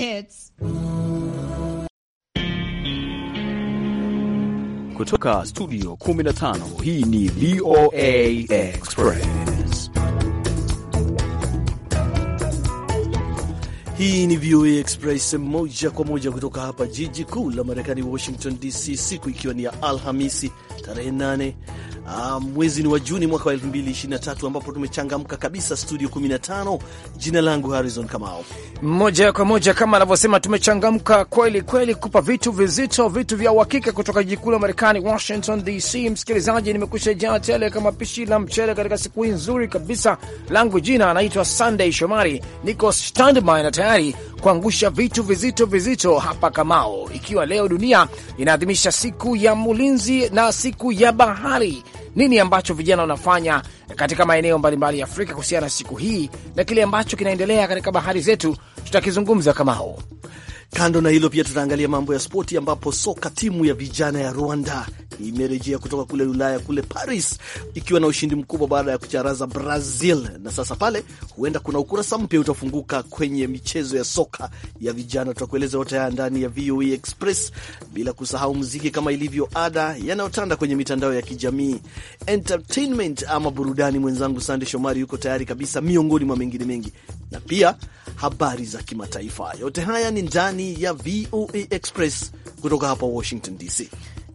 It's... Kutoka studio 15 hii ni VOA Express. Hii ni VOA Express moja kwa moja kutoka hapa jiji kuu la Marekani Washington DC, siku ikiwa ni ya Alhamisi tarehe 8 Ah, mwezi ni wa Juni mwaka wa 2023 ambapo tumechangamka kabisa studio 15. Jina langu Harrison Kamau, moja kwa moja kama anavyosema, tumechangamka kweli kweli kupa vitu vizito, vitu vya uhakika kutoka jiji kuu la Marekani, Washington DC. Msikilizaji, nimekusha jaa tele kama pishi la mchele katika siku hii nzuri kabisa. Langu jina anaitwa Sunday Shomari, niko standby na tayari kuangusha vitu vizito vizito hapa Kamao, ikiwa leo dunia inaadhimisha siku ya mlinzi na siku ya bahari nini ambacho vijana wanafanya katika maeneo mbalimbali ya Afrika kuhusiana na siku hii na kile ambacho kinaendelea katika bahari zetu, tutakizungumza kama huu Kando na hilo, pia tutaangalia mambo ya spoti, ambapo soka timu ya vijana ya Rwanda imerejea kutoka kule Ulaya kule Paris ikiwa na ushindi mkubwa baada ya kucharaza Brazil, na sasa pale huenda kuna ukurasa mpya utafunguka kwenye michezo ya soka ya vijana. Tutakueleza yote haya ndani ya VOA e Express, bila kusahau muziki kama ilivyo ada yanayotanda kwenye mitandao ya kijamii entertainment ama burudani. Mwenzangu Sande Shomari yuko tayari kabisa, miongoni mwa mengine mengi na pia habari za kimataifa. Yote haya ni ndani ya VOA Express kutoka hapa Washington DC.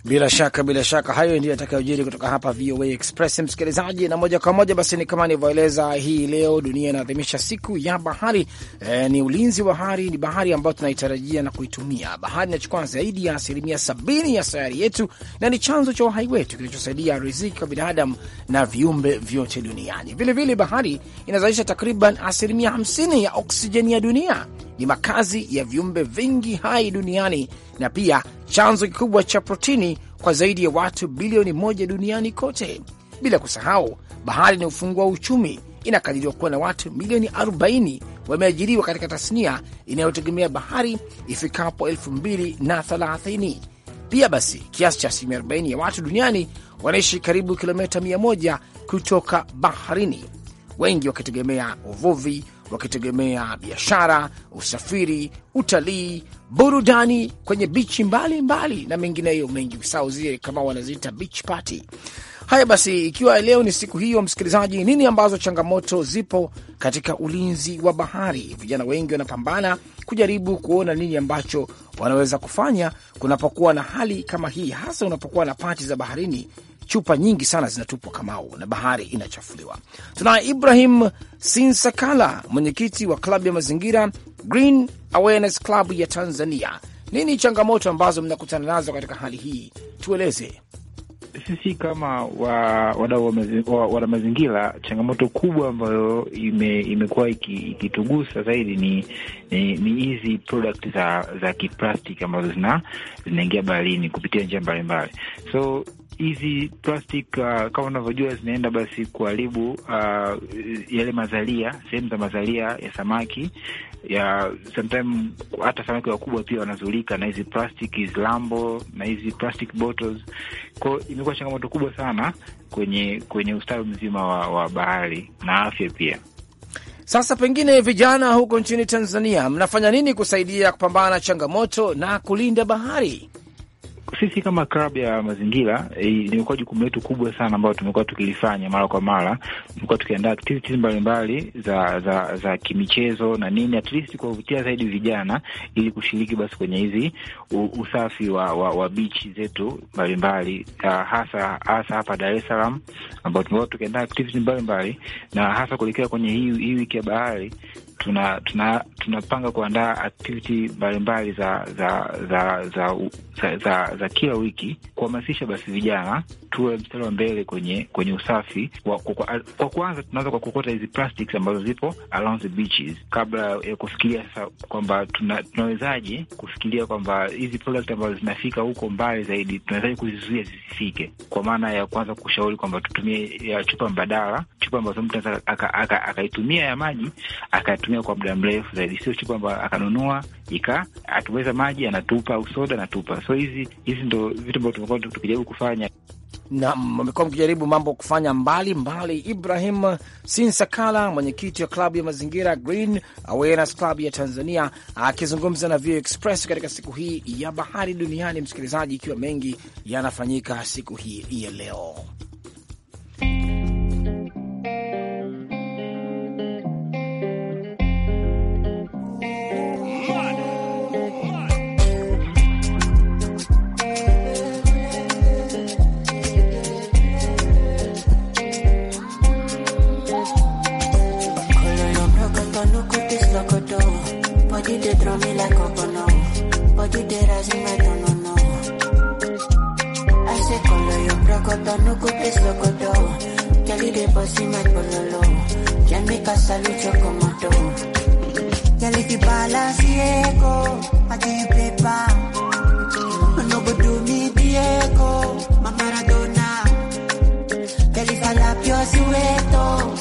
Bila shaka, bila shaka, hayo ndiyo yatakayojiri kutoka hapa VOA Express, msikilizaji, na moja kwa moja basi, ni kama nilivyoeleza, hii leo dunia inaadhimisha siku ya bahari. E, ni ulinzi wa bahari, ni bahari ambayo tunaitarajia na kuitumia. Bahari inachukua zaidi ya asilimia sabini ya sayari yetu na ni chanzo cha uhai wetu kinachosaidia riziki kwa binadamu na viumbe vyote duniani. Vilevile bahari inazalisha takriban asilimia hamsini ya oksijeni ya dunia, ni makazi ya viumbe vingi hai duniani na pia chanzo kikubwa cha protini kwa zaidi ya watu bilioni moja duniani kote. Bila kusahau, bahari ni ufunguo wa uchumi. Inakadiriwa kuwa na watu milioni 40 wameajiriwa katika tasnia inayotegemea bahari ifikapo 2030. Pia basi, kiasi cha asilimia 40 ya watu duniani wanaishi karibu kilomita 100 kutoka baharini, wengi wakitegemea uvuvi, wakitegemea biashara, usafiri, utalii, burudani kwenye bichi mbalimbali na mengineyo mengi, sauzie kama wanaziita beach party. Haya basi, ikiwa leo ni siku hiyo, msikilizaji, nini ambazo changamoto zipo katika ulinzi wa bahari? Vijana wengi wanapambana kujaribu kuona nini ambacho wanaweza kufanya kunapokuwa na hali kama hii, hasa unapokuwa na pati za baharini chupa nyingi sana zinatupwa Kamau, na bahari inachafuliwa. Tunaye Ibrahim Sinsakala, mwenyekiti wa klabu ya mazingira Green Awareness Club ya Tanzania. Nini changamoto ambazo mnakutana nazo katika hali hii? Tueleze. Sisi kama wadau wa, wa mazingira, changamoto kubwa ambayo ime, imekuwa ikitugusa zaidi ni ni hizi product za za kiplastiki ambazo zinaingia baharini kupitia njia mbalimbali. So hizi plastic uh, kama unavyojua zinaenda basi kuharibu uh, yale mazalia, sehemu za mazalia ya samaki ya sometime, hata samaki wakubwa pia wanazulika na hizi plastic, lambo na hizi plastic bottles. imekuwa changamoto kubwa sana kwenye kwenye ustawi mzima wa, wa bahari na afya pia. Sasa pengine vijana huko nchini Tanzania mnafanya nini kusaidia kupambana na changamoto na kulinda bahari? sisi kama klabu ya mazingira limekuwa eh, jukumu letu kubwa sana ambayo tumekuwa tukilifanya mara kwa mara. Tumekuwa tukiandaa activities mbalimbali za za za kimichezo na nini, at least kuwavutia zaidi vijana ili kushiriki basi kwenye hizi usafi wa, wa, wa bichi zetu mbalimbali, hasa hasa hapa Dar es Salaam ambao tumekuwa tukiandaa activities mbalimbali na hasa kuelekea kwenye hii wiki ya bahari tunapanga tuna tuna kuandaa aktiviti mbalimbali za za za za, za za za za kila wiki kuhamasisha basi vijana tuwe mstari wa mbele kwenye kwenye usafi wa, kwa, kwa kwanza tunaanza kwa kuokota hizi plastics ambazo zipo around the beaches, kabla ya kufikiria sasa kwamba tuna, tunawezaje kufikiria kwamba hizi product ambazo zinafika huko mbali zaidi tunawezaje kuzizuia zisifike, kwa maana ya kwanza kushauri kwamba tutumie ya chupa mbadala, chupa ambazo mtu anaweza akaitumia ya maji akatumia anatumia kwa muda mrefu zaidi, sio chupa ambayo akanunua ika akiweza maji anatupa au soda anatupa. So hizi hizi ndo vitu ambavyo tumekuwa tukijaribu kufanya. Naam, amekuwa mkijaribu mambo kufanya mbali mbali. Ibrahim Sinsakala, mwenyekiti wa klabu ya mazingira Green Awareness Club ya Tanzania, akizungumza na VOA Express katika siku hii ya bahari duniani. Msikilizaji, ikiwa mengi yanafanyika siku hii ya leo they throw me like a bono. But you did as me, I don't know. I say, color your brocodo, no good place, locodo. Tell you the they bossy, my pololo. Can make a salute your commando. Tell if you balance, Diego, I do you play back. No good do me, Diego, my Maradona. Tell if I lap your sueto.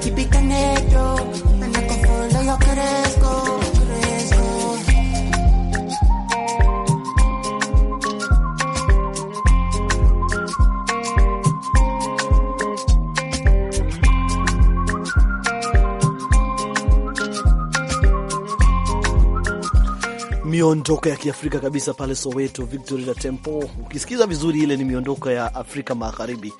chipita negro, yo crezco, Miondoko ya Kiafrika kabisa pale Soweto, Victory la Temple. Ukisikiza vizuri, ile ni miondoko ya Afrika Magharibi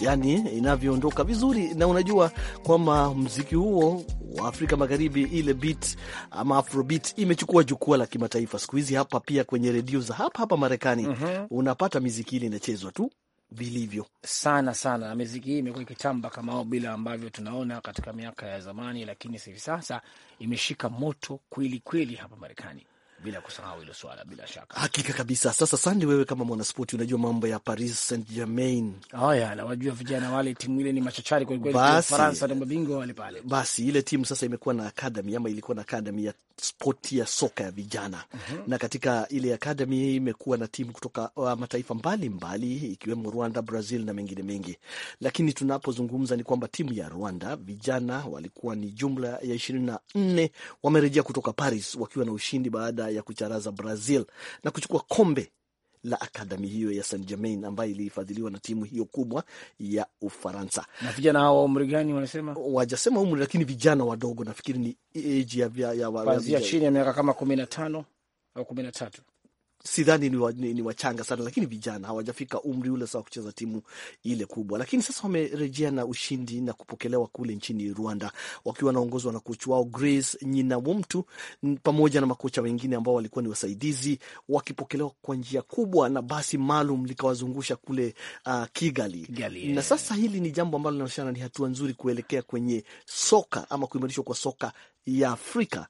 yani inavyoondoka vizuri, na unajua kwamba mziki huo wa Afrika Magharibi, ile beat ama afrobeat imechukua jukwaa la kimataifa siku hizi. Hapa pia kwenye redio za hapa hapa Marekani mm -hmm. unapata miziki ile inachezwa tu vilivyo sana sana. Miziki hii imekuwa ikitamba kama au bila ambavyo tunaona katika miaka ya zamani, lakini hivi sasa imeshika moto kweli kweli hapa Marekani bila kusahau hilo swala, bila shaka, hakika kabisa. Sasa Sande, wewe kama mwanaspoti unajua mambo ya Paris Saint Germain. Haya, oh, nawajua vijana wale, timu ile ni machachari kwelikweli, Faransa ndio mabingwa wale pale. Basi ile timu sasa imekuwa na akademi ama ilikuwa na akademi ya spoti ya soka ya vijana uh mhm. -huh. na katika ile akademi hii imekuwa na timu kutoka uh, mataifa mbalimbali ikiwemo Rwanda, Brazil na mengine mengi, lakini tunapozungumza ni kwamba timu ya Rwanda vijana walikuwa ni jumla ya ishirini na nne wamerejea kutoka Paris wakiwa na ushindi baada ya kucharaza Brazil na kuchukua kombe la akademi hiyo ya Saint Germain ambayo ilihifadhiliwa na timu hiyo kubwa ya Ufaransa. Na vijana hao wa umri gani wanasema? Wajasema umri, lakini vijana wadogo, nafikiri ni age ya, ya, ya, ya, ya, ya, ya, ya, kumi na ya, ya, ya, ya, ya, sidhani ni, wa, ni, ni wachanga sana, lakini vijana hawajafika umri ule sawa kucheza timu ile kubwa, lakini sasa wamerejea na ushindi na kupokelewa kule nchini Rwanda wakiwa wanaongozwa na kocha wao Grace Nyinawomtu pamoja na makocha wengine ambao walikuwa ni wasaidizi, wakipokelewa kwa njia kubwa na basi maalum likawazungusha kule uh, Kigali, Kigali yeah. Na eh. sasa hili ni jambo ambalo linaonyeshana ni hatua nzuri kuelekea kwenye soka ama kuimarishwa kwa soka ya Afrika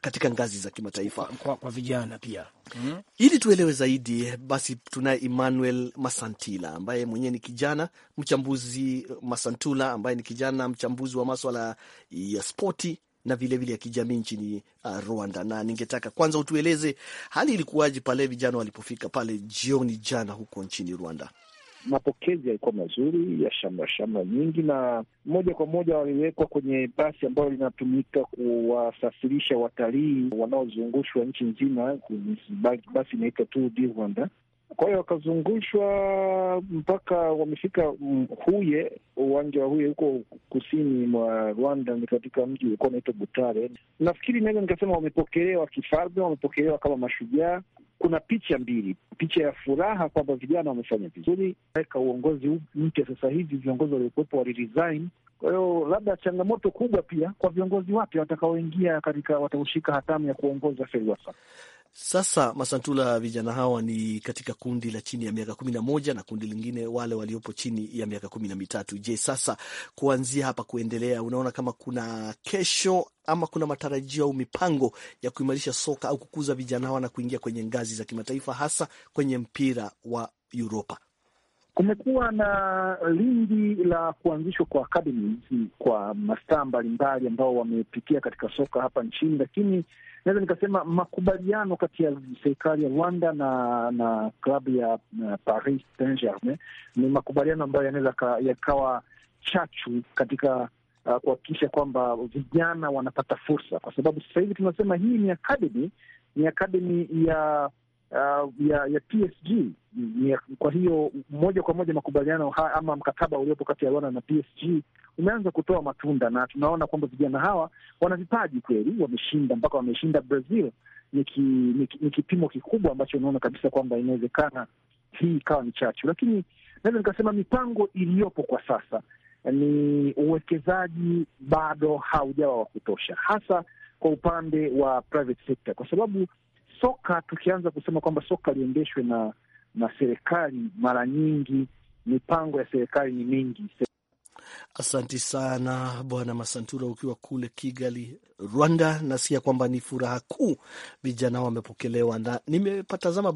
katika ngazi za kimataifa kwa, kwa vijana pia mm -hmm. Ili tuelewe zaidi, basi tunaye Emmanuel Masantila ambaye mwenyewe ni kijana mchambuzi, Masantula ambaye ni kijana mchambuzi wa maswala ya spoti na vilevile vile ya kijamii nchini uh, Rwanda. Na ningetaka kwanza utueleze hali ilikuwaje pale vijana walipofika pale jioni jana huko nchini Rwanda mapokezi yalikuwa mazuri ya shamra shamra nyingi, na moja kwa moja waliwekwa kwenye basi ambalo linatumika kuwasafirisha watalii wanaozungushwa nchi nzima. Basi inaitwa Tour du Rwanda. Kwa hiyo wakazungushwa mpaka wamefika Huye, uwanja wa Huye huko kusini mwa Rwanda, ni katika mji ulikuwa unaitwa Butare. Nafikiri naweza nikasema wamepokelewa kifalme, wamepokelewa kama mashujaa, kuna picha mbili, picha ya furaha kwamba vijana wamefanya vizuri weka uongozi mpya. Sasa hivi viongozi waliokuwepo waliresign, kwa hiyo labda changamoto kubwa pia kwa viongozi wapya watakaoingia katika watahushika hatamu ya kuongoza FEWASA. Sasa Masantula, vijana hawa ni katika kundi la chini ya miaka kumi na moja na kundi lingine wale waliopo chini ya miaka kumi na mitatu. Je, sasa kuanzia hapa kuendelea, unaona kama kuna kesho ama kuna matarajio au mipango ya kuimarisha soka au kukuza vijana hawa na kuingia kwenye ngazi za kimataifa, hasa kwenye mpira wa Uropa? Kumekuwa na lindi la kuanzishwa kwa akademi kwa mastaa mbalimbali ambao wamepitia katika soka hapa nchini, lakini naweza nikasema makubaliano kati ya serikali ya Rwanda na na klabu ya Paris Saint Germain ni makubaliano ambayo yanaweza yakawa chachu katika uh, kuhakikisha kwamba vijana wanapata fursa, kwa sababu sasa hivi tunasema hii ni akademi, ni akademi ya uh, ya ya PSG. Kwa hiyo moja kwa moja makubaliano ama mkataba uliopo kati ya Rwanda na PSG umeanza kutoa matunda, na tunaona kwamba vijana hawa wana vipaji kweli, wameshinda mpaka wameshinda Brazil. Ni, ki, ni, ni kipimo kikubwa ambacho unaona kabisa kwamba inawezekana hii ikawa ni chachu, lakini naweza nikasema mipango iliyopo kwa sasa ni uwekezaji bado haujawa wa kutosha, hasa kwa upande wa private sector, kwa sababu soka, tukianza kusema kwamba soka liendeshwe na na serikali, mara nyingi mipango ya serikali ni mingi. Asanti sana Bwana Masantura, ukiwa kule Kigali, Rwanda, nasikia kwamba ni furaha kuu, vijana wamepokelewa, na nimepatazama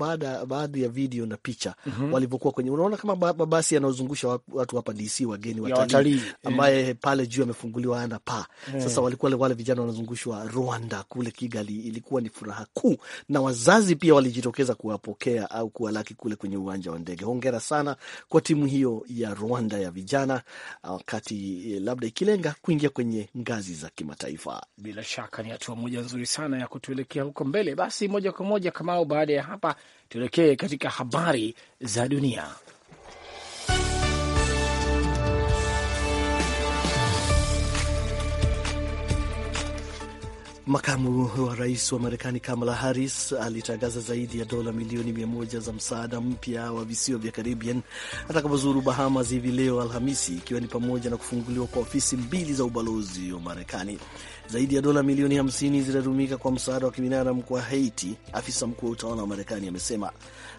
baadhi ya video na picha mm -hmm. walivyokuwa kwenye, unaona kama mabasi yanaozungusha watu hapa DC, wageni watalii, eh. ambaye yeah. pale juu amefunguliwa ana pa yeah. Sasa walikuwa wale vijana wanazungushwa Rwanda kule Kigali, ilikuwa ni furaha kuu, na wazazi pia walijitokeza kuwapokea au kuwalaki kule kwenye uwanja wa ndege. Hongera sana kwa timu hiyo ya Rwanda ya vijana, wakati eh, labda ikilenga kuingia kwenye ngazi za kimataifa bila shaka ni hatua moja nzuri sana ya kutuelekea huko mbele. Basi moja kwa moja Kamao, baada ya hapa tuelekee katika habari za dunia. Makamu wa rais wa Marekani Kamala Harris alitangaza zaidi ya dola milioni mia moja za msaada mpya wa visiwa vya Caribbean atakapozuru Bahamas hivi leo Alhamisi, ikiwa ni pamoja na kufunguliwa kwa ofisi mbili za ubalozi wa Marekani. Zaidi ya dola milioni 50 zitatumika kwa msaada wa kibinadamu kwa Haiti, afisa mkuu wa utawala wa Marekani amesema.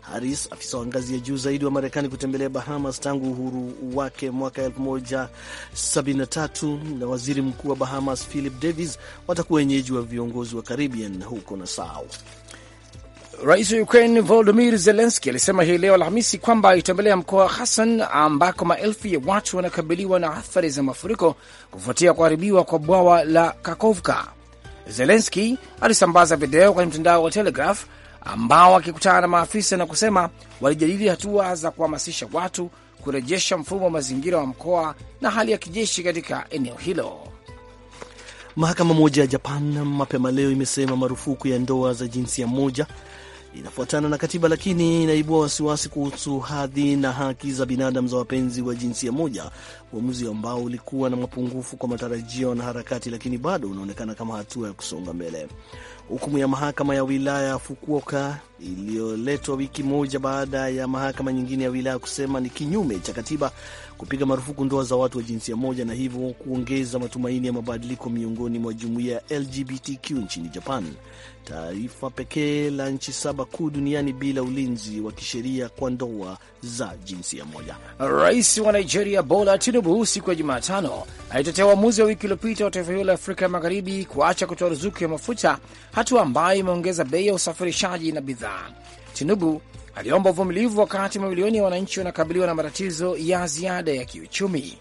haris afisa wa ngazi ya juu zaidi wa Marekani kutembelea Bahamas tangu uhuru wake mwaka 1973 na waziri mkuu wa Bahamas Philip Davis watakuwa wenyeji wa viongozi wa Caribbean huko Nassau. Rais wa Ukraine Volodymyr Zelensky alisema hii leo Alhamisi kwamba alitembelea mkoa wa Kherson ambako maelfu ya watu wanakabiliwa na athari za mafuriko kufuatia kuharibiwa kwa bwawa la Kakovka. Zelensky alisambaza video kwenye mtandao wa Telegraph ambao akikutana na maafisa na kusema walijadili hatua za kuhamasisha watu kurejesha mfumo wa mazingira wa mkoa na hali ya kijeshi katika eneo hilo. Mahakama moja ya Japan mapema leo imesema marufuku ya ndoa za jinsia moja inafuatana na katiba, lakini inaibua wasiwasi kuhusu hadhi na haki za binadamu za wapenzi wa jinsia moja, uamuzi ambao ulikuwa na mapungufu kwa matarajio na harakati, lakini bado unaonekana kama hatua ya kusonga mbele. Hukumu ya mahakama ya wilaya ya Fukuoka iliyoletwa wiki moja baada ya mahakama nyingine ya wilaya kusema ni kinyume cha katiba kupiga marufuku ndoa za watu wa jinsia moja na hivyo kuongeza matumaini ya mabadiliko miongoni mwa jumuiya ya LGBTQ nchini Japan, taifa pekee la nchi saba kuu duniani bila ulinzi wa kisheria kwa ndoa za jinsia moja. Rais wa Nigeria Bola Tinubu siku ya Jumatano alitetea uamuzi wa wiki uliopita wa taifa hilo la Afrika ya Magharibi kuacha kutoa ruzuku ya mafuta hatua ambayo imeongeza bei ya usafirishaji na bidhaa. Tinubu aliomba uvumilivu wakati mamilioni ya wananchi wanakabiliwa na matatizo ya ziada ya kiuchumi.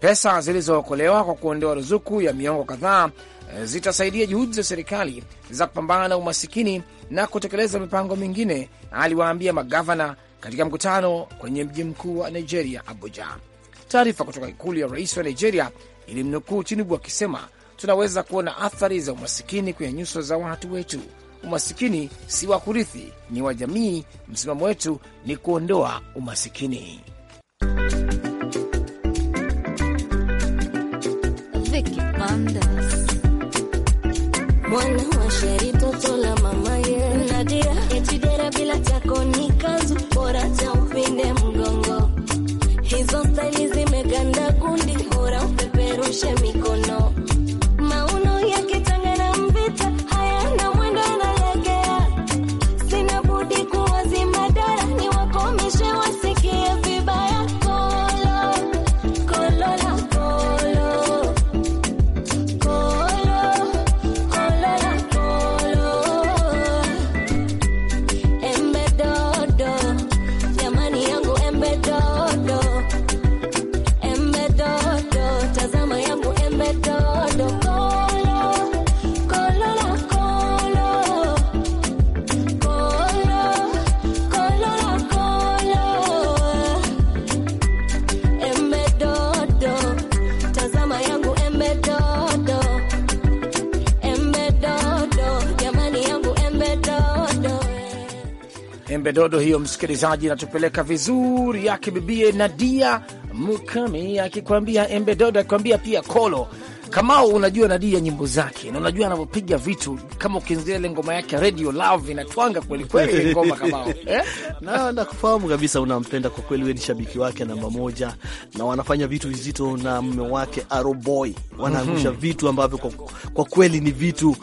Pesa zilizookolewa kwa kuondoa ruzuku ya miongo kadhaa e, zitasaidia juhudi za serikali za kupambana na umasikini na kutekeleza mipango mingine, aliwaambia magavana katika mkutano kwenye mji mkuu wa Nigeria, Abuja. Taarifa kutoka ikulu ya rais wa Nigeria ilimnukuu Tinubu akisema tunaweza kuona athari za umasikini kwenye nyuso za watu wetu. Umasikini si wa kurithi, ni wa jamii. Msimamo wetu ni kuondoa umasikini. Hizo staili zimeganda kundi, upeperushe mikono Dodo hiyo msikilizaji, natupeleka vizuri yake bibie Nadia Mukami akikwambia embe dodo, akikwambia pia kolo Kamau. Unajua Nadia nyimbo zake na unajua anavyopiga vitu, kama ukiingia ile ngoma yake Radio Love inatwanga kweli kweli ngoma Kamau eh? na nakufahamu kabisa, unampenda kwa kweli, wewe ni shabiki wake namba moja, na wanafanya vitu vizito na mume wake Boy wanaangusha mm -hmm. vitu ambavyo kwa, kwa kweli ni vitu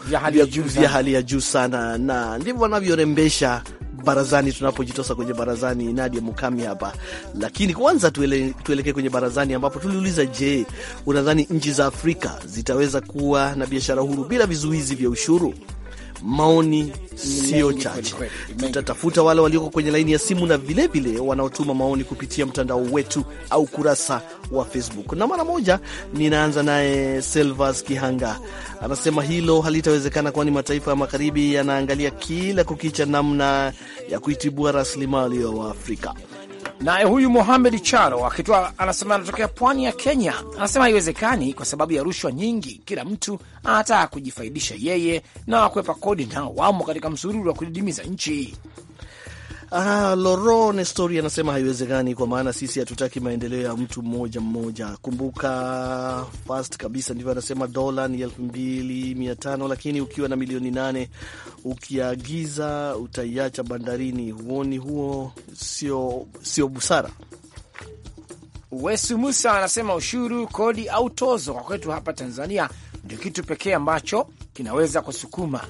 vya hali ya juu sana, na ndivyo wanavyorembesha barazani, tunapojitosa kwenye barazani. Nadia Mukami hapa, lakini kwanza tuele, tuelekee kwenye barazani ambapo tuliuliza, je, unadhani nchi za Afrika zitaweza kuwa na biashara huru bila vizuizi vya ushuru? maoni siyo chache. Tutatafuta wale walioko kwenye laini ya simu na vilevile wanaotuma maoni kupitia mtandao wetu au kurasa wa Facebook. Na mara moja ninaanza naye Selvas Kihanga, anasema hilo halitawezekana, kwani mataifa ya magharibi yanaangalia kila kukicha namna ya kuitibua rasilimali ya waafrika Naye huyu Mohamed Charo akitoa anasema anatokea pwani ya Kenya, anasema haiwezekani kwa sababu ya rushwa nyingi, kila mtu anataka kujifaidisha yeye na wakwepa kodi nao wamo katika msururu wa kudidimiza nchi. Ah, Loro Nestori anasema haiwezekani, kwa maana sisi hatutaki maendeleo ya mtu mmoja mmoja. Kumbuka fast kabisa, ndivyo anasema, dola ni elfu mbili mia tano lakini ukiwa na milioni nane ukiagiza utaiacha bandarini. Huoni huo sio, sio busara? Wesu Musa anasema ushuru, kodi au tozo kwa kwetu hapa Tanzania ndio kitu pekee ambacho kinaweza kusukuma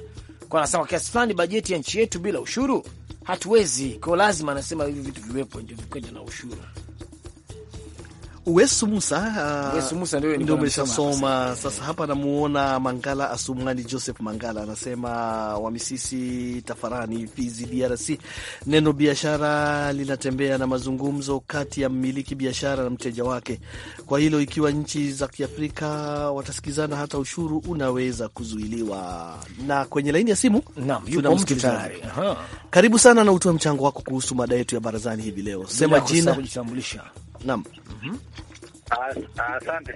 kwa, anasema kiasi fulani bajeti ya nchi yetu bila ushuru hatuwezi, kwa lazima anasema hivi vitu viwepo, ndio vikwenda na ushuru Uwesu Musa, ah, Uwesu Musa ndio umeshasoma sasa. Hapa namuona Mangala Asumani Joseph Mangala anasema Wamisisi, Tafarani, Fizi, DRC, neno biashara linatembea na mazungumzo kati ya mmiliki biashara na mteja wake. Kwa hilo, ikiwa nchi za Kiafrika watasikizana, hata ushuru unaweza kuzuiliwa. Na kwenye laini ya simu tunamsikiliza. Karibu sana na utoe mchango wako kuhusu mada yetu ya barazani hivi leo, sema jina, Naam, asante.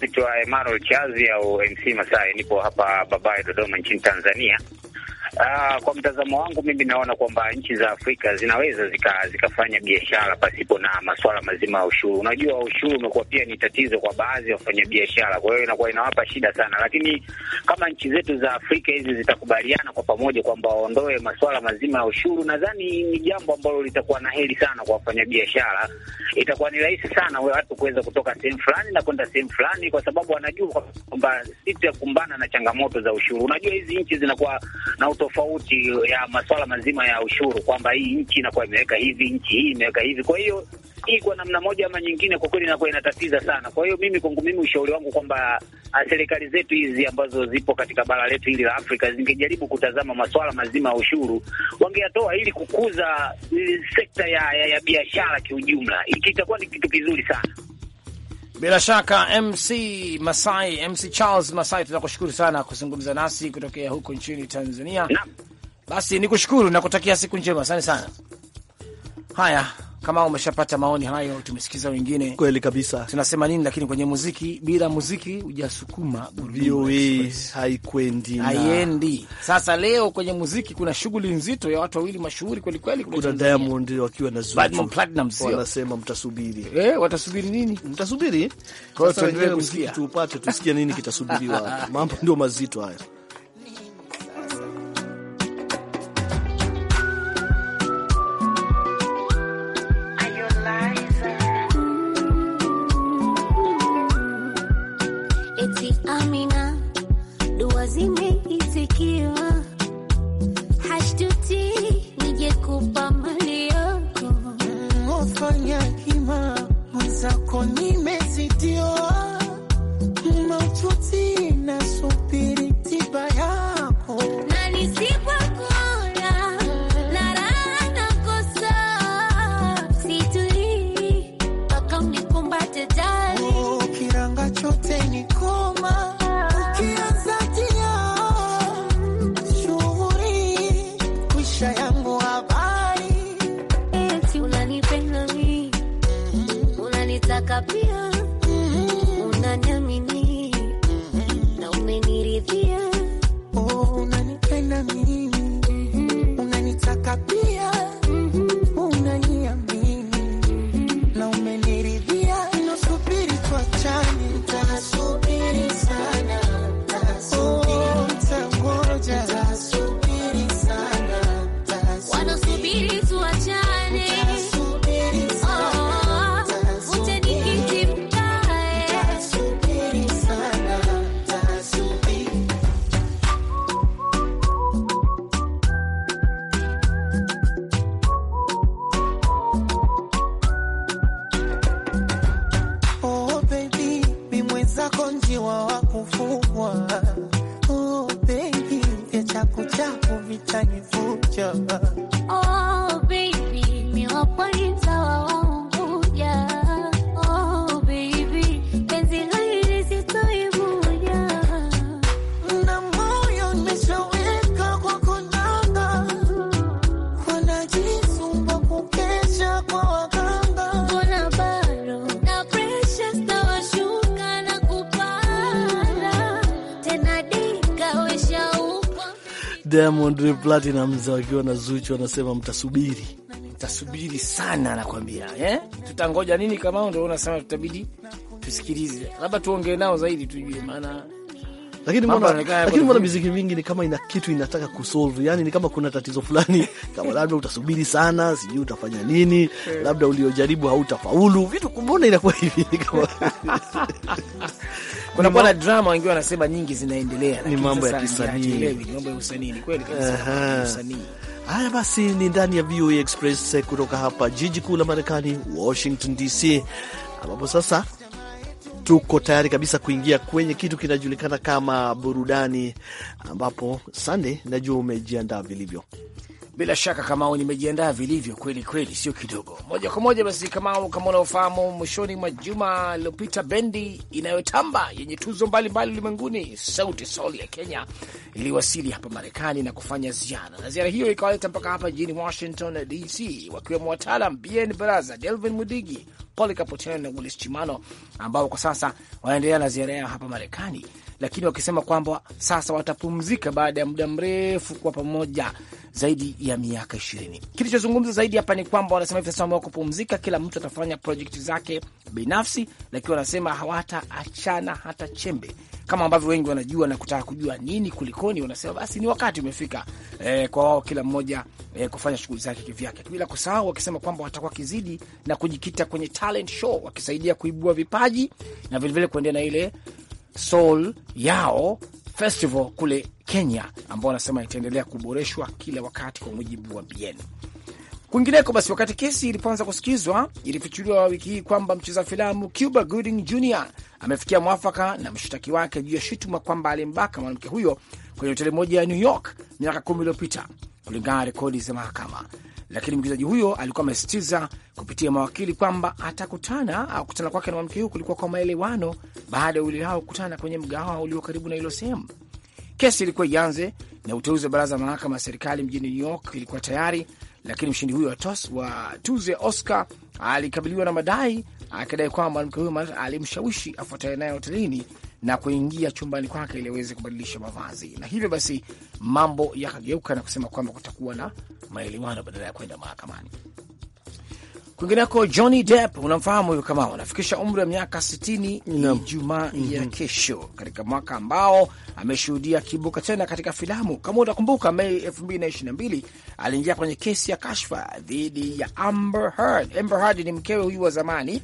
Naitwa Emmanuel Chazi au MC Masai, nipo hapa Babaye, Dodoma nchini Tanzania. Ah, kwa mtazamo wangu mimi naona kwamba nchi za Afrika zinaweza zika, zikafanya biashara pasipo na masuala mazima ya ushuru. Unajua, ushuru umekuwa pia ni tatizo kwa baadhi ya wafanyabiashara, kwa hiyo inakuwa inawapa shida sana, lakini kama nchi zetu za Afrika hizi zitakubaliana kwa pamoja kwamba waondoe masuala mazima ya ushuru, nadhani ni jambo ambalo litakuwa na heri sana kwa wafanyabiashara. Itakuwa ni rahisi sana watu kuweza kutoka sehemu fulani na kwenda sehemu fulani, kwa sababu wanajua kwamba sitakumbana na changamoto za ushuru. Unajua hizi nchi zinakuwa na tofauti ya masuala mazima ya ushuru, kwamba hii nchi inakuwa imeweka hivi, nchi hii imeweka hivi. Kwa hiyo hii kwa namna moja ama nyingine, kwa kweli inakuwa inatatiza sana. Kwa hiyo mimi, kwangu mimi, ushauri wangu kwamba ah, serikali zetu hizi ambazo zipo katika bara letu hili la Afrika zingejaribu kutazama masuala mazima ya ushuru, wangeyatoa ili kukuza eh, sekta ya, ya, ya biashara kiujumla, ikitakuwa ni kitu kizuri sana. Bila shaka MC Masai, MC Charles Masai, tunakushukuru sana kuzungumza nasi kutokea huko nchini Tanzania. Basi nikushukuru na kutakia siku njema, asante sana. Haya kama umeshapata maoni hayo, tumesikiza wengine, kweli kabisa. Tunasema nini lakini kwenye muziki, bila muziki hujasukuma gurudumu, e haikwendi haiendi. Sasa leo kwenye muziki kuna shughuli nzito ya watu wawili mashuhuri kweli kweli, kuna Diamond wakiwa na Zuchu Platinumz, wanasema mtasubiri. Eh, watasubiri nini? Mtasubiri. Kwa hiyo tuendelee kusikia, tuupate tusikie nini kitasubiriwa. Mambo ndio mazito haya. Diamond Platnumz wakiwa na Zuchu wanasema mtasubiri, mtasubiri sana, anakwambia eh? Tutangoja nini? Kama ndio unasema tutabidi tusikilize, labda tuongee nao zaidi tujue maana lakini mbona miziki mingi ni kama ina kitu inataka kusolve, yani ni kama kuna tatizo fulani, kama labda utasubiri sana, sijui utafanya nini, eh. labda uliojaribu hautafaulu, vitu kumbona inakuwa hivi kama kuna drama wanasema nyingi zinaendelea, ni mambo ya kisanii, mambo ya usanii. Ni kweli kabisa usanii. Haya basi, ni ndani ya VOA Express kutoka hapa jiji kuu la Marekani, Washington DC, ambapo sasa tuko tayari kabisa kuingia kwenye kitu kinajulikana kama burudani, ambapo Sande, najua umejiandaa vilivyo. Bila shaka Kamau, nimejiandaa vilivyo kweli kweli, sio kidogo. Moja kwa moja basi, Kamau, kama unaofahamu, mwishoni mwa juma lilopita bendi inayotamba yenye tuzo mbalimbali ulimwenguni, Sauti Sol ya Kenya, iliwasili hapa Marekani na kufanya ziara, na ziara hiyo ikawaleta mpaka hapa jijini Washington DC, wakiwemo wataalam BN Baraza, Delvin Mudigi, Paul Kaputiano na Willis Chimano ambao kwa sasa wanaendelea na ziara yao hapa Marekani lakini wakisema kwamba sasa watapumzika baada ya muda mrefu kwa pamoja zaidi ya miaka ishirini. Kilichozungumza zaidi hapa ni kwamba wanasema hivi sasa wameamua kupumzika, kila mtu atafanya projekti zake binafsi, lakini wanasema hawataachana hata chembe, kama ambavyo wengi wanajua na kutaka kujua nini kulikoni. Wanasema basi ni wakati umefika, eh, kwa wao kila mmoja eh, kufanya shughuli zake kivyake, bila kusahau wakisema kwamba watakuwa kizidi na kujikita kwenye talent show, wakisaidia kuibua vipaji na vilevile kuendelea na ile Soul Yao Festival kule Kenya, ambao wanasema itaendelea kuboreshwa kila wakati kwa mujibu wa BN. Kwingineko basi, wakati kesi ilipoanza kusikizwa, ilifichuliwa wiki hii kwamba mcheza filamu Cuba Gooding Jr amefikia mwafaka na mshtaki wake juu ya shutuma kwamba alimbaka mwanamke huyo kwenye hoteli moja ya New York miaka kumi iliyopita kulingana na rekodi za mahakama lakini mwigizaji huyo alikuwa amesitiza kupitia mawakili kwamba atakutana au kutana kwake na mwanamke huyo kulikuwa kwa maelewano baada ya wawili hao kukutana kwenye mgahawa ulio karibu na hilo sehemu. Kesi ilikuwa ianze na uteuzi wa baraza la mahakama ya serikali mjini New York ilikuwa tayari, lakini mshindi huyo wa tuzo ya Oscar alikabiliwa na madai akidai kwamba mwanamke huyo alimshawishi afuataye naye hotelini na kuingia chumbani kwake ili aweze kubadilisha mavazi, na hivyo basi mambo yakageuka na kusema kwamba kutakuwa na maelewano badala ya kwenda mahakamani. Kwingineko, Johnny Depp unamfahamu huyu, kama anafikisha umri wa miaka 60 no. Ijumaa mm -hmm. ya mhm. kesho, katika mwaka ambao ameshuhudia kibuka tena katika filamu. Kama utakumbuka, Mei 2022 aliingia kwenye kesi ya kashfa dhidi ya Amber Heard. Amber Heard ni mkewe huyu wa zamani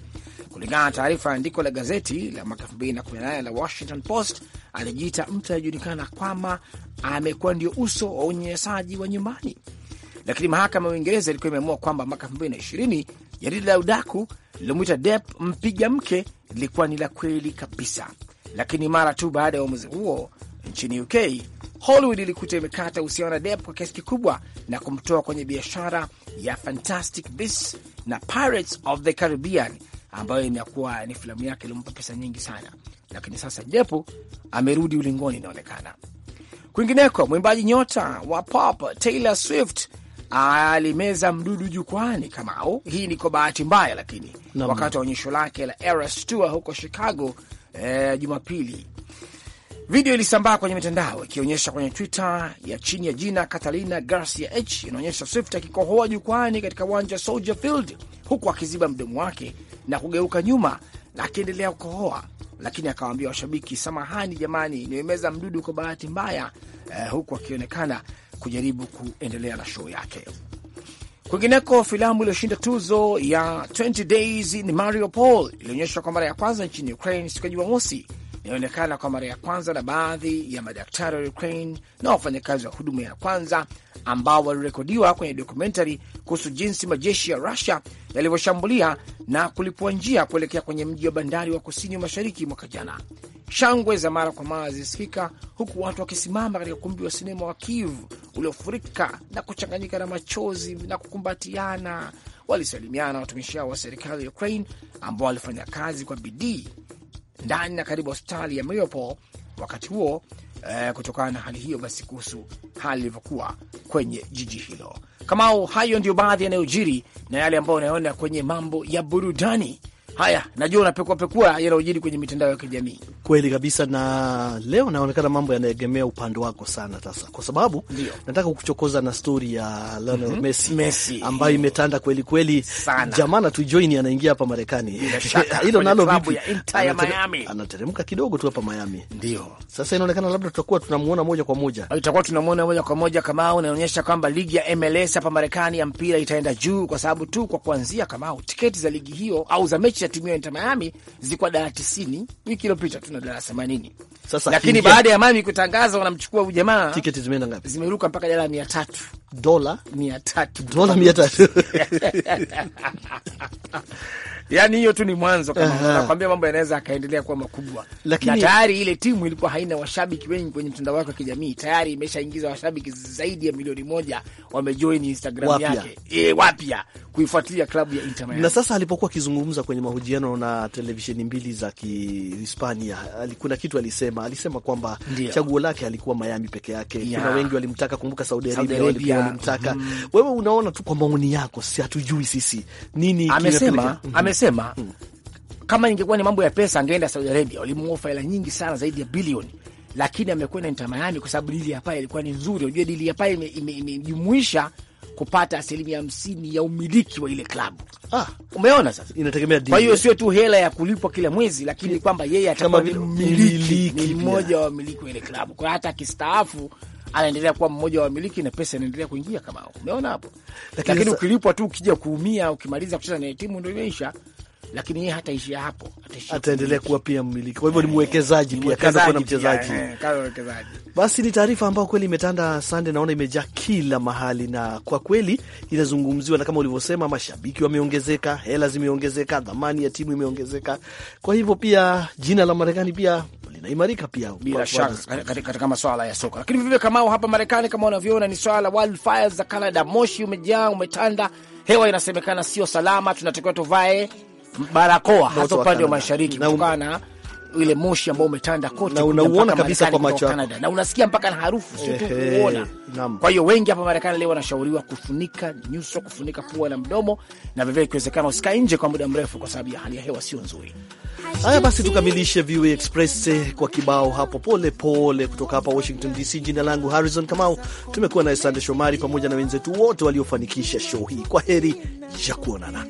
Kulingana na taarifa ya andiko la gazeti la mwaka 2018 la Washington Post, alijiita mtu anayejulikana kwamba amekuwa ndio uso wa unyenyesaji wa nyumbani. Lakini mahakama ya Uingereza ilikuwa imeamua kwamba mwaka 2020 jarida la udaku lilomwita Depp mpiga mke lilikuwa ni la kweli kabisa. Lakini mara tu baada ya uamuzi huo nchini UK, Hollywood ilikuta imekata uhusiano na Depp kwa kiasi kikubwa na kumtoa kwenye biashara ya Fantastic Beasts na Pirates of the Caribbean ambayo imekuwa ni filamu yake ilimpa pesa nyingi sana, lakini sasa japo amerudi ulingoni inaonekana. Kwingineko, mwimbaji nyota wa pop Taylor Swift alimeza mdudu jukwani kama au Hii ni kwa bahati mbaya, lakini no, wakati wa onyesho lake la Eras Tour huko Chicago eh, Jumapili. Video ilisambaa kwenye mitandao ikionyesha kwenye Twitter ya chini ya jina Catalina Garcia H inaonyesha Swift akikohoa jukwani katika uwanja wa Soldier Field huku akiziba mdomo wake na kugeuka nyuma, akiendelea kukohoa, lakini akawaambia washabiki, samahani jamani, nimemeza mdudu kwa bahati mbaya eh, huku akionekana kujaribu kuendelea na show yake. Kwingineko, filamu iliyoshinda tuzo ya 20 Days in Mariupol ilionyeshwa kwa mara ya kwanza nchini Ukraine siku ya Jumamosi inaonekana kwa mara ya kwanza na baadhi ya madaktari wa Ukraine na wafanyakazi wa huduma ya kwanza ambao walirekodiwa kwenye dokumentari kuhusu jinsi majeshi ya Rusia yalivyoshambulia na kulipua njia kuelekea kwenye mji wa bandari wa kusini mashariki mwaka jana. Shangwe za mara kwa mara zilisikika huku watu wakisimama katika ukumbi wa sinema wa Kiev uliofurika na kuchanganyika na machozi na kukumbatiana. Walisalimiana na watumishi hao wa serikali ya Ukraine ambao walifanya kazi kwa bidii ndani na karibu hospitali ya Mariupol wakati huo eh, kutokana na hali hiyo, basi kuhusu hali ilivyokuwa kwenye jiji hilo. Kama hayo ndio baadhi yanayojiri na yale ambayo unayoona kwenye mambo ya burudani. Haya, najua unapekua pekua yanayojiri kwenye mitandao ya kijamii. Kweli kabisa, na leo naonekana mambo yanaegemea upande wako sana, sasa kwa sababu Dio. nataka kukuchokoza na stori ya Lionel mm -hmm. Messi, Messi ambayo imetanda kweli kweli Jamaa na tujoin anaingia hapa Marekani, hilo nalo vipi? Anateremka kidogo tu hapa Miami, ndio sasa inaonekana labda tutakuwa tunamuona moja kwa moja, itakuwa tunamuona moja kwa moja kama unaonyesha kwamba ligi ya MLS hapa Marekani ya mpira itaenda juu, kwa sababu tu kwa kuanzia kama tiketi za ligi hiyo au za mechi timu ya Inter Miami zilikuwa dola 90 wiki iliyopita, tuna dola 80 sasa, lakini baada ya Miami kutangaza wanamchukua huyu jamaa, tiketi zimeenda ngapi? Zimeruka mpaka dala 300, dola 300, dola 300. Yaani hiyo tu ni mwanzo, kama nakwambia mambo yanaweza akaendelea kuwa makubwa. Lakini na tayari ile timu ilikuwa haina washabiki wengi kwenye mtandao wake wa kijamii, tayari imeshaingiza washabiki zaidi ya milioni moja wamejoin Instagram wapia yake, eh, wapya kuifuatilia klabu ya Inter Miami. Na sasa alipokuwa akizungumza kwenye mahojiano na televisheni mbili za Kihispania, kuna kitu alisema, alisema kwamba chaguo lake alikuwa Miami peke yake yeah. Kuna wengi walimtaka, kumbuka Saudi Arabia, walimtaka mm -hmm. Wewe unaona tu kwa maoni yako, si hatujui sisi nini amesema, mm -hmm. amesema mm -hmm. kama ingekuwa ni mambo ya pesa angeenda Saudi Arabia, walimuofa hela nyingi sana zaidi ya bilioni lakini amekwenda Inter Miami kwa sababu dili ya pale ilikuwa ni nzuri. Unajua, dili ya pale imejumuisha ime, ime, kupata asilimia hamsini ya umiliki wa ile klabu. Ah, umeona sasa, inategemea. Kwa hiyo sio tu hela ya kulipwa kila mwezi, lakini kwamba yeye atakuwa mmiliki, mmoja wa wamiliki wa ile klabu. Kwa hata akistaafu anaendelea kuwa mmoja wa wamiliki na pesa inaendelea kuingia kama umeona hapo. Lakini ukilipwa tu ukija kuumia, ukimaliza kucheza na timu ndio imeisha lakini yeye hataishia hapo, ataendelea kuwa pia mmiliki. Kwa hivyo ni eh, mwekezaji pia, kando kuna mchezaji, eh, Basi ni taarifa ambayo kweli imetanda sande, naona imejaa kila mahali, na kwa kweli inazungumziwa, na kama ulivyosema, mashabiki wameongezeka, hela zimeongezeka, dhamani ya timu imeongezeka. Kwa hivyo pia jina la Marekani pia linaimarika pia, bila shaka katika masuala ya soka. Lakini vivyo kamao hapa Marekani, kama unavyoona ni swala la wildfires za Canada. Moshi umejaa umetanda, hewa inasemekana sio salama, tunatakiwa tuvae barakoa hasa upande wa mashariki kutokana na ile moshi ambao umetanda kote, na unauona kabisa kwa macho yako na unasikia mpaka na harufu, sio tu kuona. Kwa hiyo wengi hapa Marekani leo wanashauriwa kufunika nyuso, kufunika pua na mdomo, na vivyo ikiwezekana usikae nje kwa muda mrefu, kwa sababu ya hali ya hewa sio nzuri. Haya basi, tukamilishe VOA Express eh, kwa kibao hapo pole pole, kutoka hapa Washington DC. Jina langu Harrison Kamau, tumekuwa naye Sande Shomari pamoja na wenzetu wote waliofanikisha show hii. Kwa heri ya kuonana.